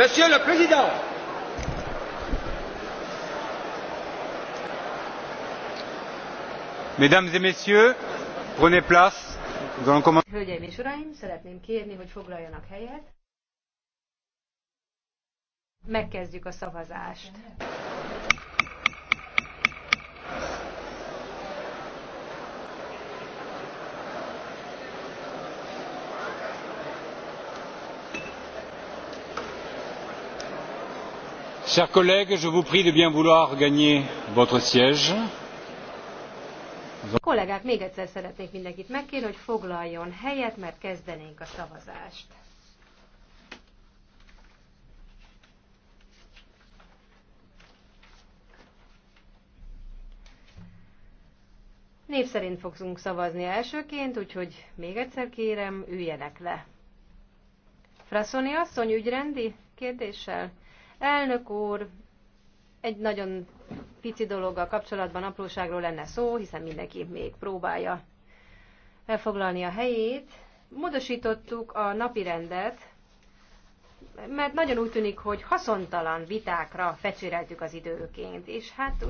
Monsieur le Président, Mesdames et Messieurs, prenez place. Nous allons commencer. Hölgyeim és Uraim, szeretném kérni, hogy foglaljanak helyet. Megkezdjük a szavazást. Chers collègues, je vous prie de bien vouloir gagner votre siège. Kollégák, még egyszer szeretnék mindenkit megkérni, hogy foglaljon helyet, mert kezdenénk a szavazást. Név szerint fogunk szavazni elsőként, úgyhogy még egyszer kérem, üljenek le. Frasoni asszony ügyrendi kérdéssel? Elnök úr, egy nagyon pici dologgal kapcsolatban apróságról lenne szó, hiszen mindenki még próbálja elfoglalni a helyét. Módosítottuk a napi rendet, mert nagyon úgy tűnik, hogy haszontalan vitákra fecséreltük az időként, és hát úgy